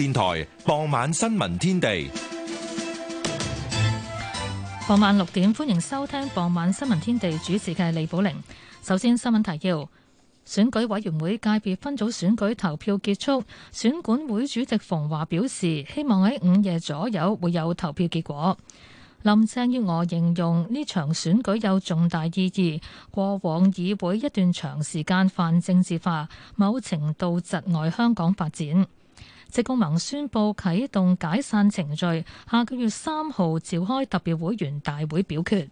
電台傍晚新聞天地，傍晚六點歡迎收聽傍晚新聞天地，主持嘅李寶玲。首先新聞提要：選舉委員會界別分組選舉投票結束，選管會主席馮華表示，希望喺午夜左右會有投票結果。林鄭月娥形容呢場選舉有重大意義，過往議會一段長時間泛政治化，某程度窒礙香港發展。職工盟宣布啟動解散程序，下個月三號召開特別會員大會表決。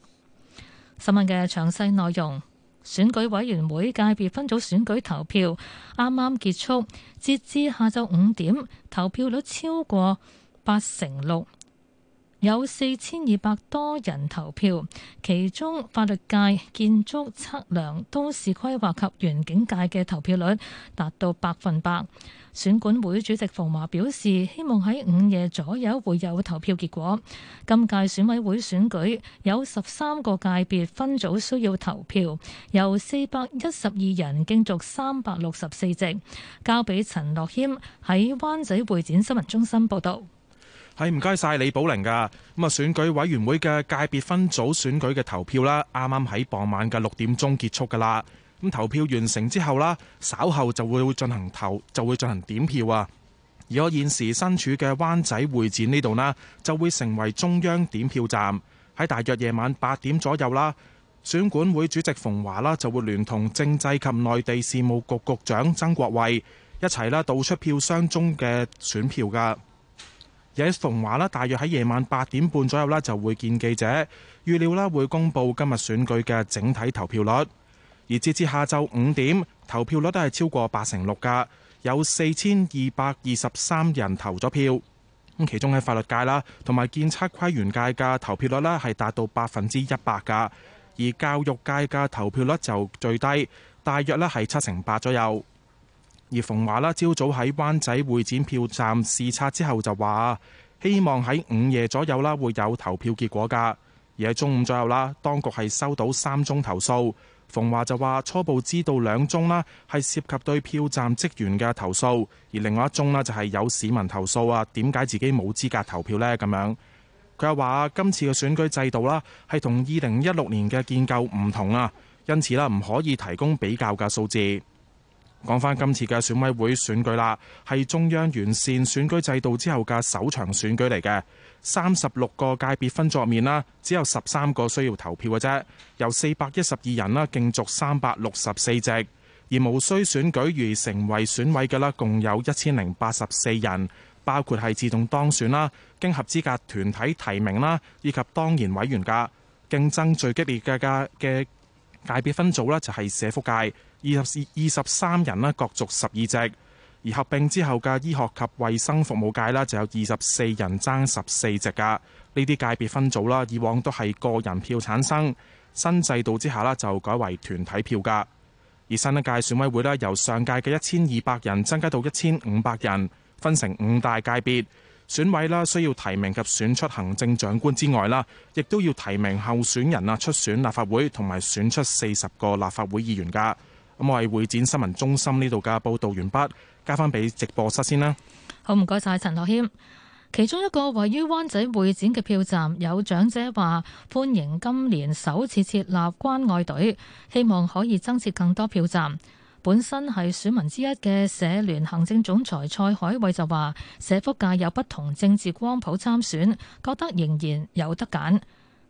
新聞嘅詳細內容，選舉委員會界別分組選舉投票啱啱結束，截至下晝五點，投票率超過八成六。有四千二百多人投票，其中法律界、建築測量、都市規劃及園境界嘅投票率達到百分百。選管會主席馮華表示，希望喺午夜左右會有投票結果。今屆選委會選舉有十三個界別分組需要投票，由四百一十二人競逐三百六十四席，交俾陳樂謙喺灣仔會展新聞中心報導。係唔該晒李寶玲噶，咁啊選舉委員會嘅界別分組選舉嘅投票啦，啱啱喺傍晚嘅六點鐘結束噶啦。咁投票完成之後啦，稍後就會進行投，就會進行點票啊。而我現時身處嘅灣仔會展呢度呢，就會成為中央點票站。喺大約夜晚八點左右啦，選管會主席馮華啦，就會聯同政制及內地事務局局長曾國衛一齊啦，倒出票箱中嘅選票噶。而馮驊啦，大約喺夜晚八點半左右呢就會見記者，預料啦會公布今日選舉嘅整體投票率。而截至下晝五點，投票率都係超過八成六嘅，有四千二百二十三人投咗票。咁其中喺法律界啦，同埋建測規園界嘅投票率呢係達到百分之一百嘅，而教育界嘅投票率就最低，大約呢係七成八左右。而馮華啦，朝早喺灣仔會展票站視察之後就話，希望喺午夜左右啦會有投票結果㗎。而喺中午左右啦，當局係收到三宗投訴，馮華就話初步知道兩宗啦係涉及對票站職員嘅投訴，而另外一宗啦就係有市民投訴啊，「點解自己冇資格投票呢？」咁樣佢又話今次嘅選舉制度啦係同二零一六年嘅建構唔同啊，因此啦唔可以提供比較嘅數字。講翻今次嘅選委會選舉啦，係中央完善選舉制度之後嘅首場選舉嚟嘅。三十六個界別分作面啦，只有十三個需要投票嘅啫。由四百一十二人啦競逐三百六十四席，而無需選舉而成為選委嘅啦，共有一千零八十四人，包括係自動當選啦、經合資格團體提名啦以及當然委員噶。競爭最激烈嘅嘅嘅。界別分組呢，就係社福界，二十二十三人呢，各逐十二席；而合併之後嘅醫學及衛生服務界呢，就有二十四人爭十四席㗎。呢啲界別分組啦，以往都係個人票產生，新制度之下呢，就改為團體票㗎。而新一屆選委會呢，由上屆嘅一千二百人增加到一千五百人，分成五大界別。選委啦，需要提名及選出行政長官之外啦，亦都要提名候選人啊，出選立法會同埋選出四十個立法會議員噶。咁我係會展新聞中心呢度嘅報道完畢，交翻俾直播室先啦。好，唔該晒陳樂謙。其中一個位於灣仔會展嘅票站，有長者話歡迎今年首次設立關愛隊，希望可以增設更多票站。本身係選民之一嘅社聯行政總裁蔡海偉就話：社福界有不同政治光譜參選，覺得仍然有得揀。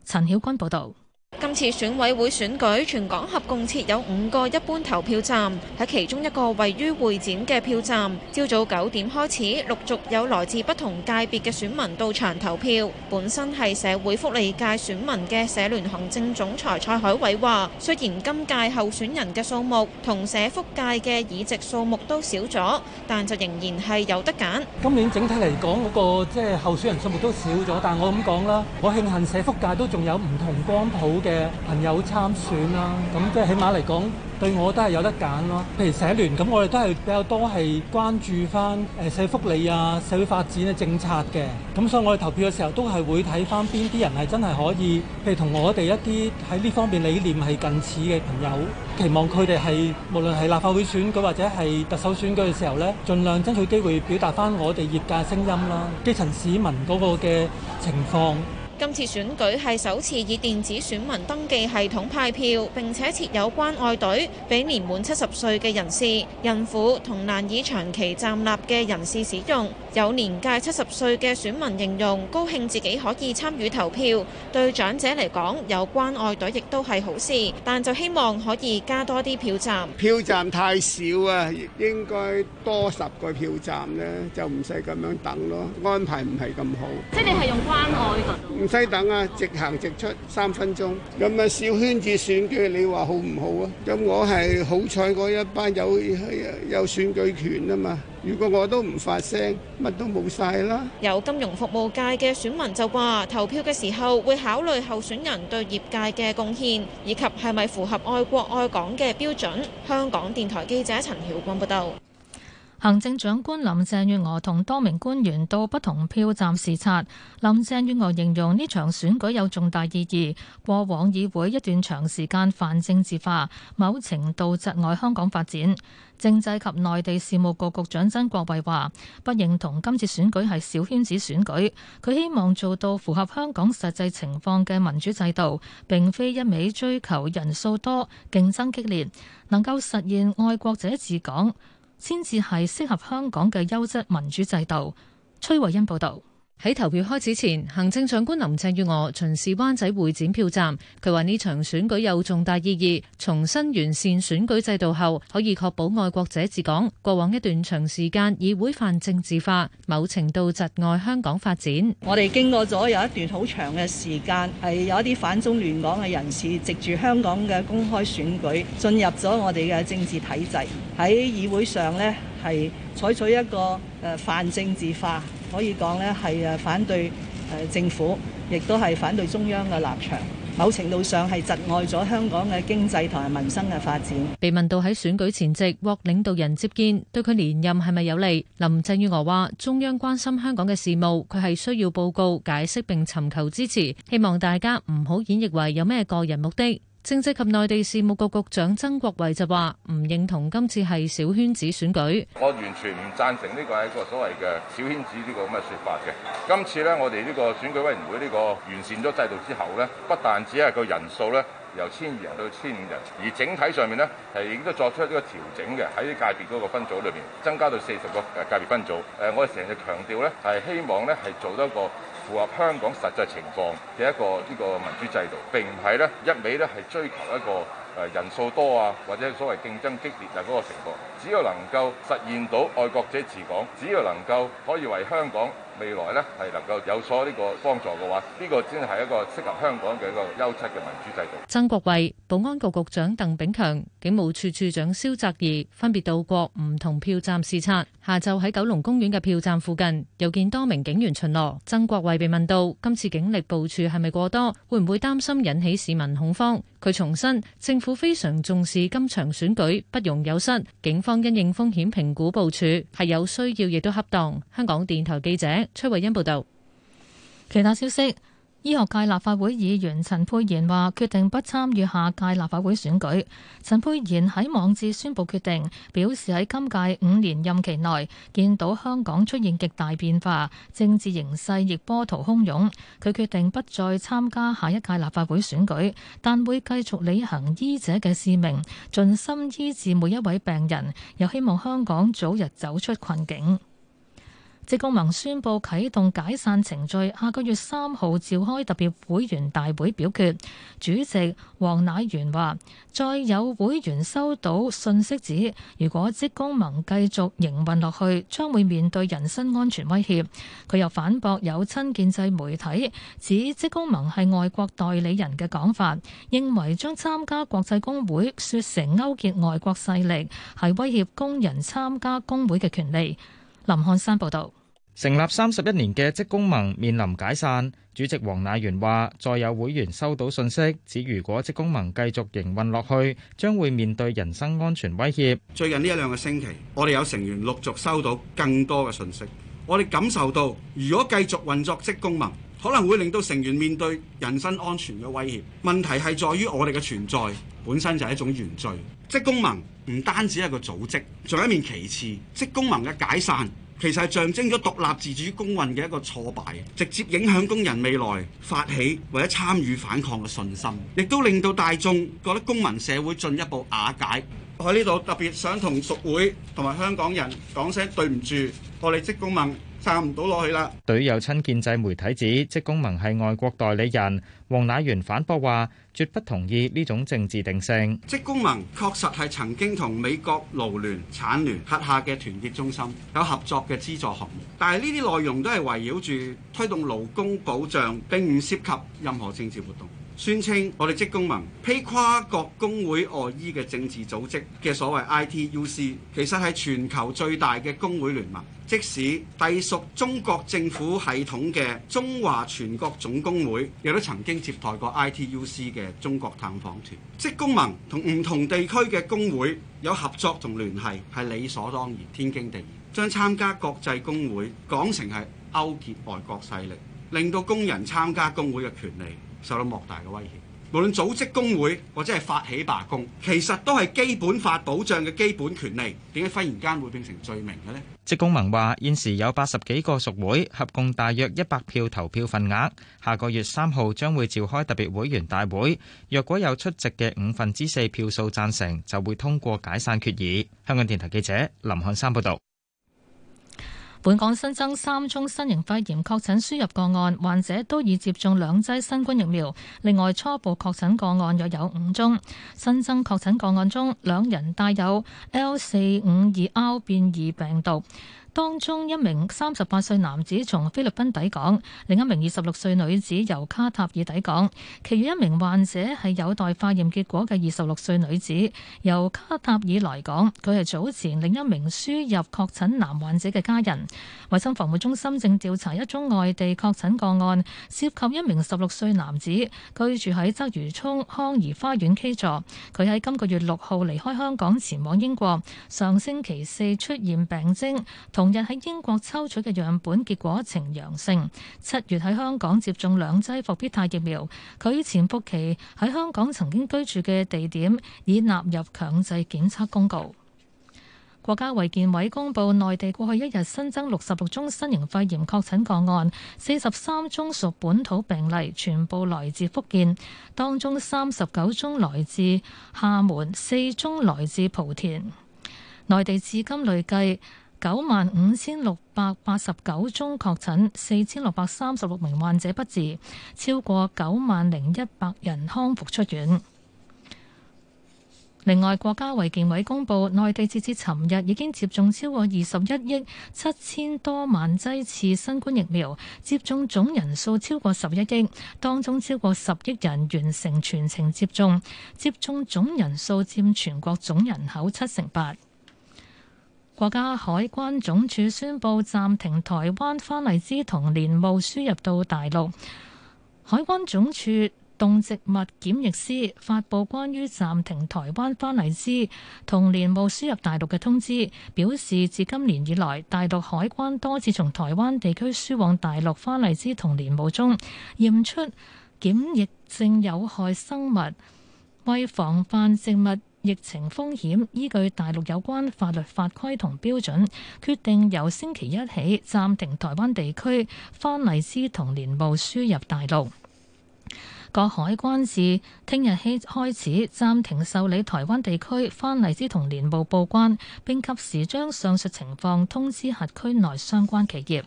陳曉君報導。今次選委會選舉，全港合共設有五個一般投票站。喺其中一個位於會展嘅票站，朝早九點開始，陸續有來自不同界別嘅選民到場投票。本身係社會福利界選民嘅社聯行政總裁蔡海偉話：雖然今屆候選人嘅數目同社福界嘅議席數目都少咗，但就仍然係有得揀。今年整體嚟講，嗰個即係候選人數目都少咗，但我咁講啦，我慶幸社福界都仲有唔同光譜嘅朋友參選啦、啊，咁即係起碼嚟講，對我都係有得揀咯、啊。譬如社聯，咁我哋都係比較多係關注翻誒社會福利啊、社會發展嘅政策嘅。咁所以我哋投票嘅時候，都係會睇翻邊啲人係真係可以，譬如同我哋一啲喺呢方面理念係近似嘅朋友，期望佢哋係無論係立法會選舉或者係特首選舉嘅時候呢，盡量爭取機會表達翻我哋業界聲音啦、基層市民嗰個嘅情況。今次選舉係首次以電子選民登記系統派票，並且設有關愛隊，俾年滿七十歲嘅人士、孕婦同難以長期站立嘅人士使用。有年屆七十歲嘅選民形容高興自己可以參與投票，對長者嚟講有關愛隊亦都係好事。但就希望可以加多啲票站，票站太少啊，應該多十個票站呢，就唔使咁樣等咯。安排唔係咁好。即係你係用關愛嗰度。西等啊，直行直出三分鐘咁啊！小圈子選舉，你話好唔好啊？咁我係好彩，嗰一班有有選舉權啊嘛。如果我都唔發聲，乜都冇晒啦。有金融服務界嘅選民就話：投票嘅時候會考慮候選人對業界嘅貢獻，以及係咪符合愛國愛港嘅標準。香港電台記者陳曉光報道。行政長官林鄭月娥同多名官員到不同票站視察。林鄭月娥形容呢場選舉有重大意義，過往議會一段長時間泛政治化，某程度窒礙香港發展。政制及內地事務局局長曾國衛話：不認同今次選舉係小圈子選舉，佢希望做到符合香港實際情況嘅民主制度，並非一味追求人數多、競爭激烈，能夠實現愛國者治港。先至係適合香港嘅優質民主制度。崔慧欣報導。喺投票開始前，行政長官林鄭月娥巡視灣仔會展票站，佢話呢場選舉有重大意義，重新完善選舉制度後，可以確保愛國者治港。過往一段長時間，議會泛政治化，某程度窒礙香港發展。我哋經過咗有一段好長嘅時間，係有一啲反中亂港嘅人士藉住香港嘅公開選舉，進入咗我哋嘅政治體制，喺議會上呢，係採取一個誒泛、呃、政治化。可以講呢係誒反對誒政府，亦都係反對中央嘅立場。某程度上係窒礙咗香港嘅經濟同埋民生嘅發展。被問到喺選舉前夕獲領導人接見，對佢連任係咪有利？林鄭月娥話：中央關心香港嘅事務，佢係需要報告、解釋並尋求支持。希望大家唔好演繹為有咩個人目的。政制及內地事務局局長曾國衞就話：唔認同今次係小圈子選舉。我完全唔贊成呢個係一個所謂嘅小圈子呢個咁嘅説法嘅。今次咧，我哋呢個選舉委員會呢個完善咗制度之後咧，不但只係個人數咧由千二人到千五人，而整體上面咧係亦都作出呢個調整嘅，喺界別嗰個分組裏面增加到四十個界別分組。誒，我哋成日強調咧，係希望咧係做得個。符合香港實際情況嘅一個呢個民主制度，並唔係咧一味咧係追求一個誒人數多啊，或者所謂競爭激烈啊嗰個情況。只要能夠實現到愛國者治港，只要能夠可以為香港。未來咧係能夠有所呢個幫助嘅話，呢個先係一個適合香港嘅一個優質嘅民主制度。曾國衛、保安局局長鄧炳強、警務處處長蕭澤頤分別到過唔同票站視察。下晝喺九龍公園嘅票站附近，又見多名警員巡邏。曾國衛被問到今次警力部署係咪過多，會唔會擔心引起市民恐慌？佢重申，政府非常重視今場選舉，不容有失。警方因應風險評估部署，係有需要亦都恰當。香港電台記者崔慧欣報道。其他消息。醫學界立法會議員陳沛然話：決定不參與下屆立法會選舉。陳沛然喺網誌宣佈決定，表示喺今屆五年任期內，見到香港出現極大變化，政治形勢亦波濤洶湧。佢決定不再參加下一屆立法會選舉，但會繼續履行醫者嘅使命，盡心醫治每一位病人，又希望香港早日走出困境。職工盟宣布啟動解散程序，下個月三號召開特別會員大會表決。主席黃乃元話，再有會員收到信息指，如果職工盟繼續營運落去，將會面對人身安全威脅。佢又反駁有親建制媒體指職工盟係外國代理人嘅講法，認為將參加國際工會說成勾結外國勢力，係威脅工人參加工會嘅權利。林漢山報道。成立三十一年嘅職工盟面臨解散，主席黃乃源話：再有會員收到信息，指如果職工盟繼續營運落去，將會面對人身安全威脅。最近呢一兩個星期，我哋有成員陸續收到更多嘅信息，我哋感受到，如果繼續運作職工盟，可能會令到成員面對人身安全嘅威脅。問題係在於我哋嘅存在本身就係一種原罪。職工盟唔單止係一個組織，仲有一面旗幟。職工盟嘅解散，其實係象徵咗獨立自主工運嘅一個挫敗，直接影響工人未來發起或者參與反抗嘅信心，亦都令到大眾覺得公民社會進一步瓦解。我喺呢度特別想同屬會同埋香港人講聲對唔住。我哋職工盟撐唔到落去啦！對於有親建制媒體指，職工盟係外國代理人，黃乃元反駁話：絕不同意呢種政治定性。職工盟確實係曾經同美國勞聯、產聯轄下嘅團結中心，有合作嘅資助項目，但係呢啲內容都係圍繞住推動勞工保障，並唔涉及任何政治活動。宣稱我哋職工盟披跨國工會外衣嘅政治組織嘅所謂 ITUC，其實係全球最大嘅工會聯盟。即使隸屬中國政府系統嘅中華全國總工會，亦都曾經接待過 ITUC 嘅中國探訪團。職工盟同唔同地區嘅工會有合作同聯繫，係理所當然、天經地義。將參加國際工會講成係勾結外國勢力，令到工人參加工會嘅權利受到莫大嘅威脅，無論組織工會或者係發起罷工，其實都係基本法保障嘅基本權利。點解忽然間會變成罪名嘅呢？職工盟話：現時有八十幾個屬會，合共大約一百票投票份額。下個月三號將會召開特別會員大會，若果有出席嘅五分之四票數贊成，就會通過解散決議。香港電台記者林漢山報導。本港新增三宗新型肺炎確診輸入個案，患者都已接種兩劑新冠疫苗。另外，初步確診個案約有五宗。新增確診個案中，兩人帶有 L 四五二 R 變異病毒。當中一名三十八歲男子從菲律賓抵港，另一名二十六歲女子由卡塔爾抵港，其餘一名患者係有待化驗結果嘅二十六歲女子由卡塔爾來港，佢係早前另一名輸入確診男患者嘅家人。衞生防護中心正調查一宗外地確診個案，涉及一名十六歲男子，居住喺鰂魚涌康怡花園 K 座，佢喺今個月六號離開香港前往英國，上星期四出現病徵同。前日喺英國抽取嘅樣本結果呈陽性。七月喺香港接種兩劑復必泰疫苗，佢潛伏期喺香港曾經居住嘅地點已納入強制檢測公告。國家衛健委公布，內地過去一日新增六十六宗新型肺炎確診個案，四十三宗屬本土病例，全部來自福建，當中三十九宗來自廈門，四宗來自莆田。內地至今累計。九萬五千六百八十九宗確診，四千六百三十六名患者不治，超過九萬零一百人康復出院。另外，國家衛健委公佈，內地截至尋日已經接種超過二十一億七千多萬劑次新冠疫苗，接種總人數超過十一億，當中超過十億人完成全程接種，接種總人數佔全國總人口七成八。國家海關總署宣布暫停台灣番荔枝同蓮霧輸入到大陸。海關總署動植物檢疫司發布關於暫停台灣番荔枝同蓮霧輸入大陸嘅通知，表示自今年以來，大陸海關多次從台灣地區輸往大陸番荔枝同蓮霧中驗出檢疫證有害生物，為防範植物疫情風險，依據大陸有關法律法規同標準，決定由星期一起暫停台灣地區番荔枝同蓮霧輸入大陸。各海關自聽日起開始暫停受理台灣地區番荔枝同蓮霧報關，並及時將上述情況通知轄區內相關企業。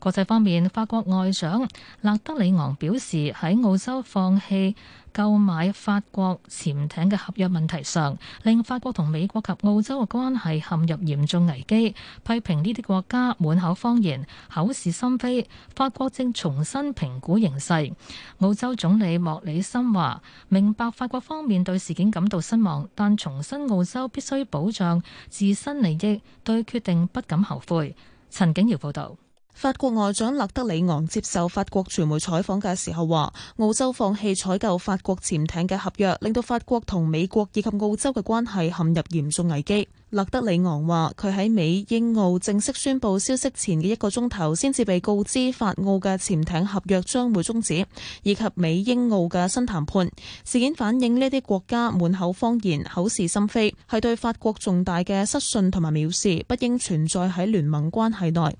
國際方面，法國外長勒德里昂表示，喺澳洲放棄購買法國潛艇嘅合約問題上，令法國同美國及澳洲嘅關係陷入嚴重危機，批評呢啲國家滿口謊言、口是心非。法國正重新評估形勢。澳洲總理莫里森話：明白法國方面對事件感到失望，但重申澳洲必須保障自身利益，對決定不敢後悔。陳景堯報道。法國外長勒德里昂接受法國傳媒採訪嘅時候話，澳洲放棄採購法國潛艇嘅合約，令到法國同美國以及澳洲嘅關係陷入嚴重危機。勒德里昂話，佢喺美英澳正式宣布消息前嘅一個鐘頭，先至被告知法澳嘅潛艇合約將會終止，以及美英澳嘅新談判。事件反映呢啲國家滿口謊言，口是心非，係對法國重大嘅失信同埋藐視，不應存在喺聯盟關係內。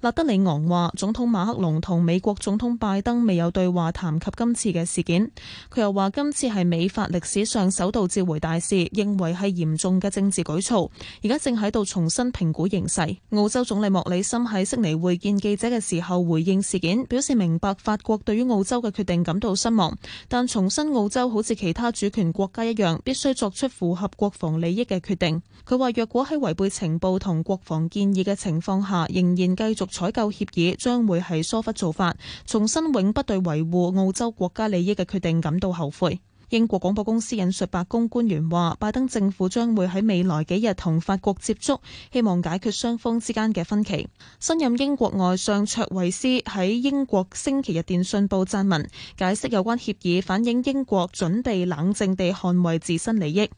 勒德里昂話：總統馬克龍同美國總統拜登未有對話談及今次嘅事件。佢又話今次係美法歷史上首度召回大使，認為係嚴重嘅政治舉措。而家正喺度重新評估形勢。澳洲總理莫里森喺悉尼會見記者嘅時候回應事件，表示明白法國對於澳洲嘅決定感到失望，但重申澳洲好似其他主權國家一樣，必須作出符合國防利益嘅決定。佢話若果喺違背情報同國防建議嘅情況下，仍然繼續採購協議將會係疏忽做法，重申永不對維護澳洲國家利益嘅決定感到後悔。英國廣播公司引述白宮官員話，拜登政府將會喺未來幾日同法國接觸，希望解決雙方之間嘅分歧。新任英國外相卓慧思喺英國星期日電訊報撰文，解釋有關協議，反映英國準備冷靜地捍衛自身利益。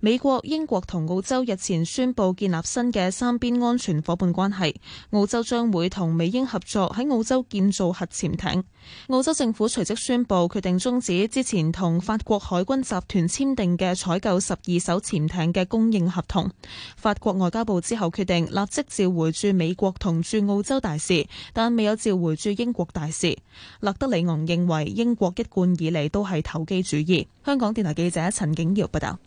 美國、英國同澳洲日前宣布建立新嘅三邊安全伙伴關係。澳洲將會同美英合作喺澳洲建造核潛艇。澳洲政府隨即宣布決定終止之前同法國海軍集團簽訂嘅採購十二艘潛艇嘅供應合同。法國外交部之後決定立即召回駐美國同駐澳洲大使，但未有召回駐英國大使。勒德里昂認為英國一貫以嚟都係投機主義。香港電台記者陳景堯報道。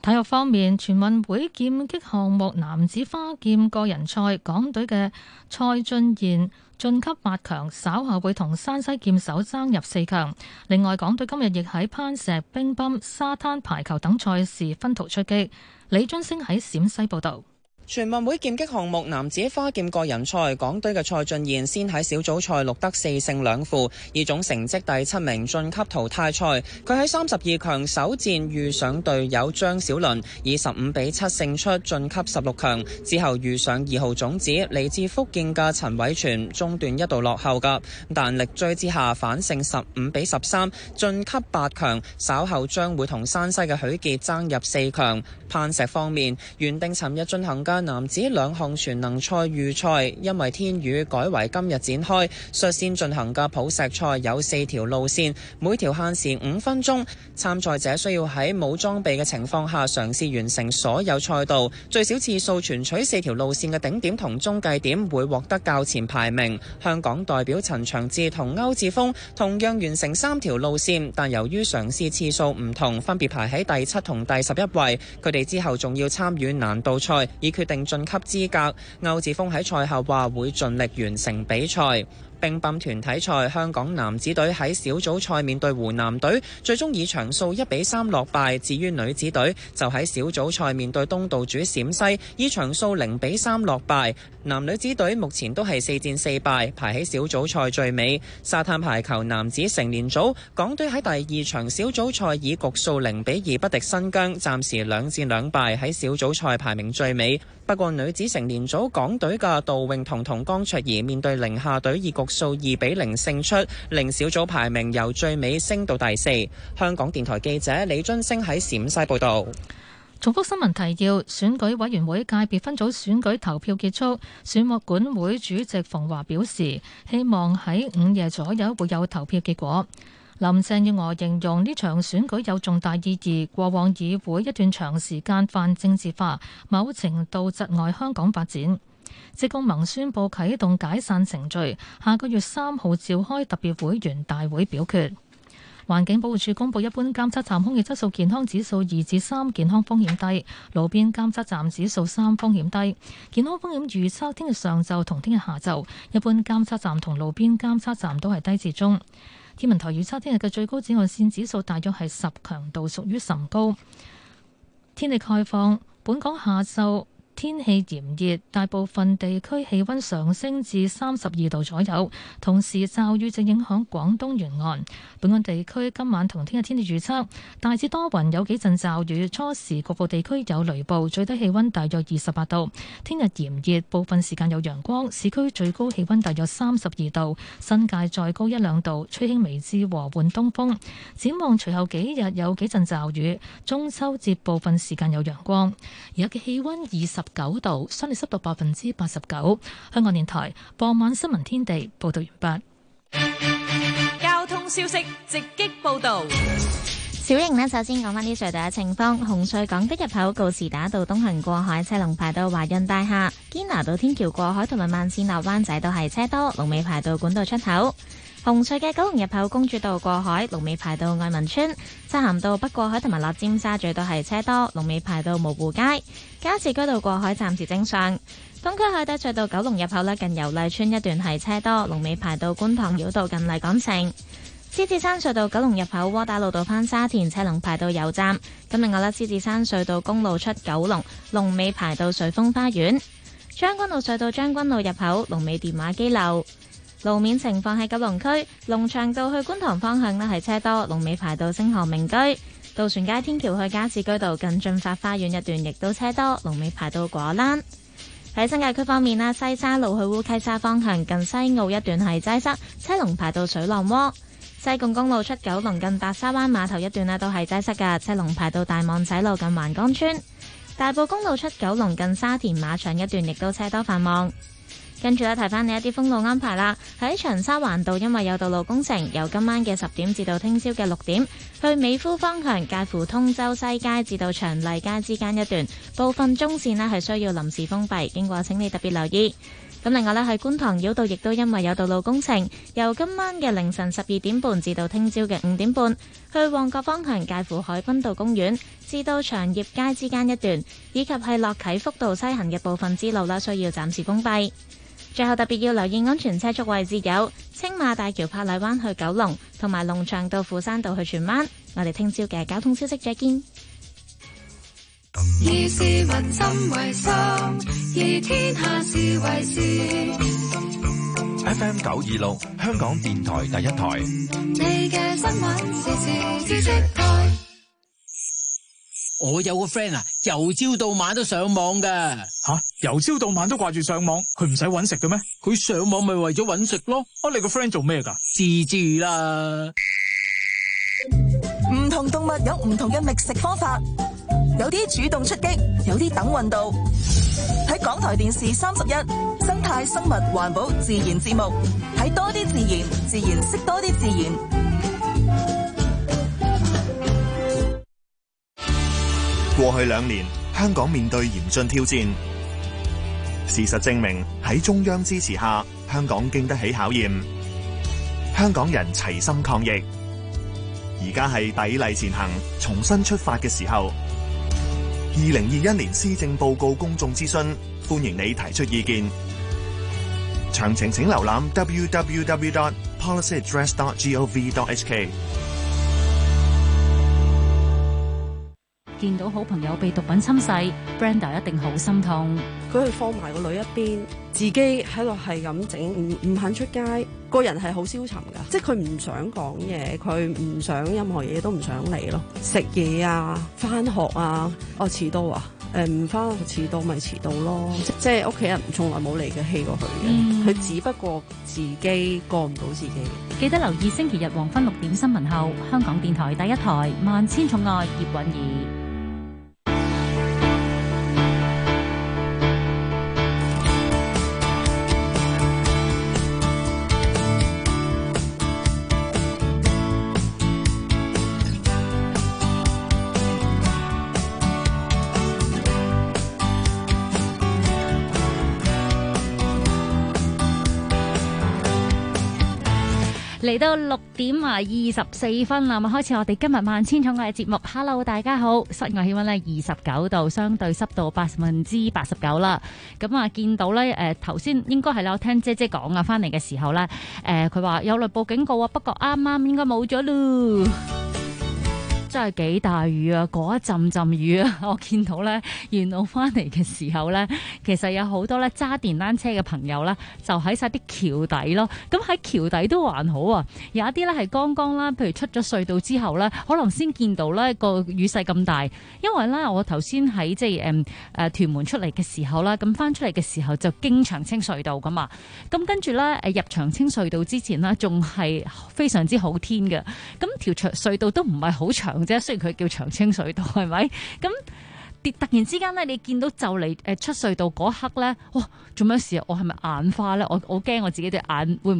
體育方面，全運會劍擊項目男子花劍個人賽，港隊嘅蔡俊賢晉級八強，稍後會同山西劍手爭入四強。另外，港隊今日亦喺攀石、乒乓、沙灘排球等賽事分途出擊。李津星喺陝西報道。全運會劍擊項目男子花劍個人賽，港隊嘅蔡俊賢先喺小組賽錄得四勝兩負，以總成績第七名晉級淘汰賽。佢喺三十二強首戰遇上隊友張小倫，以十五比七勝出晉級十六強。之後遇上二號種子嚟自福建嘅陳偉全，中段一度落後嘅，但力追之下反勝十五比十三晉級八強。稍後將會同山西嘅許傑爭入四強。攀石方面，原定尋日進行嘅男子兩項全能賽預賽，因為天雨改為今日展開。率先進行嘅普石賽有四條路線，每條限時五分鐘。參賽者需要喺冇裝備嘅情況下嘗試完成所有賽道，最少次數全取四條路線嘅頂點同中繼點會獲得較前排名。香港代表陳祥志同歐志峰同樣完成三條路線，但由於嘗試次數唔同，分別排喺第七同第十一位。佢哋之後仲要參與難度賽，以決定晉級資格。歐志峰喺賽後話會盡力完成比賽。乒乓團體賽。香港男子隊喺小組賽面對湖南隊，最終以場數一比三落敗。至於女子隊就喺小組賽面對東道主陝西，以場數零比三落敗。男女子隊目前都係四戰四敗，排喺小組賽最尾。沙灘排球男子成年組港隊喺第二場小組賽以局數零比二不敵新疆，暫時兩戰兩敗，喺小組賽排名最尾。不過女子成年組港隊嘅杜泳彤、同江卓兒面對寧夏隊，以局數二比零勝出，令小組排名由最尾升到第四。香港電台記者李津星喺陝西報道。重複新聞提要：選舉委員會界別分組選舉投票結束，選務管會主席馮華表示，希望喺午夜左右會有投票結果。林鄭月娥形容呢場選舉有重大意義。過往議會一段長時間泛政治化，某程度窒礙香港發展。職工盟宣布啟動解散程序，下個月三號召開特別會員大會表決。環境保護署公布一般監測站空氣質素健康指數二至三，健康風險低；路邊監測站指數三，風險低。健康風險預測，聽日上晝同聽日下晝，一般監測站同路邊監測站都係低至中。天文台預測，聽日嘅最高紫外線指數大約係十，強度屬於甚高。天氣概況，本港下晝，天氣炎熱，大部分地區氣溫上升至三十二度左右，同時驟雨正影響廣東沿岸。本港地區今晚同聽日天氣預測大致多雲，有幾陣驟雨，初時局部地區有雷暴，最低氣溫大約二十八度。聽日炎熱，部分時間有陽光，市區最高氣溫大約三十二度，新界再高一兩度，吹輕微至和緩東風。展望隨後幾日有幾陣驟雨，中秋節部分時間有陽光。而家嘅氣溫二十。九度，相對濕度百分之八十九。香港電台傍晚新聞天地報道完畢。交通消息直擊報道。小瑩呢，首先講翻啲隧道嘅情況。紅隧港鐵入口告士打道東行過海，車龍排到華潤大廈；堅拿道天橋過海同埋慢綫落灣仔都係車多，龍尾排到管道出口。紅隧嘅九龍入口公主道過海，龍尾排到愛民村；漆咸道北過海同埋落尖沙咀都係車多，龍尾排到蕪湖街；加士居道過海暫時正常。東區海底隧道九龍入口咧，近油麗邨一段係車多，龍尾排到觀塘繞道近麗港城；獅子山隧道九龍入口窩打老道返沙田，車龍排到油站。咁另外咧，獅子山隧道公路出九龍，龍尾排到瑞峰花園；將軍澳隧道將軍澳入口，龍尾電話機樓。路面情況喺九龍區，龍翔道去觀塘方向呢係車多，龍尾排到星河名居；渡船街天橋去加士居道近駿發花園一段亦都車多，龍尾排到果欄。喺新界區方面啦，西沙路去烏溪沙方向近西澳一段係擠塞，車龍排到水浪窩；西貢公路出九龍近白沙灣碼頭一段呢都係擠塞噶，車龍排到大網仔路近橫江村；大埔公路出九龍近沙田馬場一段亦都車多繁忙。跟住咧，提翻你一啲封路安排啦。喺長沙環道，因為有道路工程，由今晚嘅十點至到聽朝嘅六點，去美孚方向介乎通州西街至到長麗街之間一段部分中線呢係需要臨時封閉，經過請你特別留意。咁另外呢，喺觀塘繞道亦都因為有道路工程，由今晚嘅凌晨十二點半至到聽朝嘅五點半，去旺角方向介乎海濱道公園至到長業街之間一段，以及係落啟福道西行嘅部分之路啦，需要暫時封閉。最後特別要留意安全車速位置有青馬大橋、柏麗灣去九龍，同埋龍翔道富山道去荃灣。我哋聽朝嘅交通消息再見。以市民心為心，以天下事為事 act,。FM 九二六，香港電台第一台。我有個 friend 啊，由朝到晚都上網噶吓，由朝、啊、到晚都掛住上網，佢唔使搵食嘅咩？佢上網咪為咗搵食咯。我、啊、你個 friend 做咩噶？蜘蛛啦。唔同動物有唔同嘅覓食方法，有啲主動出擊，有啲等運到。喺港台電視三十一，生態、生物、環保、自然節目，睇多啲自然，自然識多啲自然。過去兩年，香港面對嚴峻挑戰。事實證明，喺中央支持下，香港經得起考驗。香港人齊心抗疫，而家係砥礪前行、重新出發嘅時候。二零二一年施政報告公眾諮詢，歡迎你提出意見。詳情請瀏覽 www.policyaddress.gov.hk。見到好朋友被毒品侵噬，Brenda 一定好心痛。佢去放埋個女一邊，自己喺度係咁整，唔唔肯出街，個人係好消沉噶，即係佢唔想講嘢，佢唔想任何嘢都唔想嚟咯。食嘢啊，翻學啊，我、啊、遲到啊，誒唔翻學遲到咪遲到咯。即係屋企人從來冇嚟嘅氣過佢嘅，佢、嗯、只不過自己過唔到自己。記得留意星期日黃昏六點新聞後，香港電台第一台《萬千寵愛》葉韻兒。嚟到六點啊二十四分啦，咪開始我哋今日萬千寵愛節目。Hello，大家好，室外氣温呢二十九度，相對濕度百分之八十九啦。咁啊，見到呢，誒、呃，頭先應該係啦，我聽姐姐講啊，翻嚟嘅時候呢，誒、呃，佢話有雷暴警告啊，不過啱啱應該冇咗咯。真係幾大雨啊！嗰一陣陣雨啊，我見到呢，沿路翻嚟嘅時候呢，其實有好多呢揸電單車嘅朋友呢，就喺晒啲橋底咯。咁喺橋底都還好啊，有一啲呢係剛剛啦，譬如出咗隧道之後呢，可能先見到呢個雨勢咁大。因為呢，我頭先喺即係誒誒屯門出嚟嘅時候啦，咁翻出嚟嘅時候就經長青隧道噶嘛。咁跟住呢，入長青隧道之前呢，仲係非常之好天嘅。咁條隧道都唔係好長。啫，雖然佢叫長青隧道，係咪？咁突然之間咧，你見到就嚟誒出隧道嗰刻咧，哇！做乜事啊？我係咪眼花咧？我我驚我自己對眼會。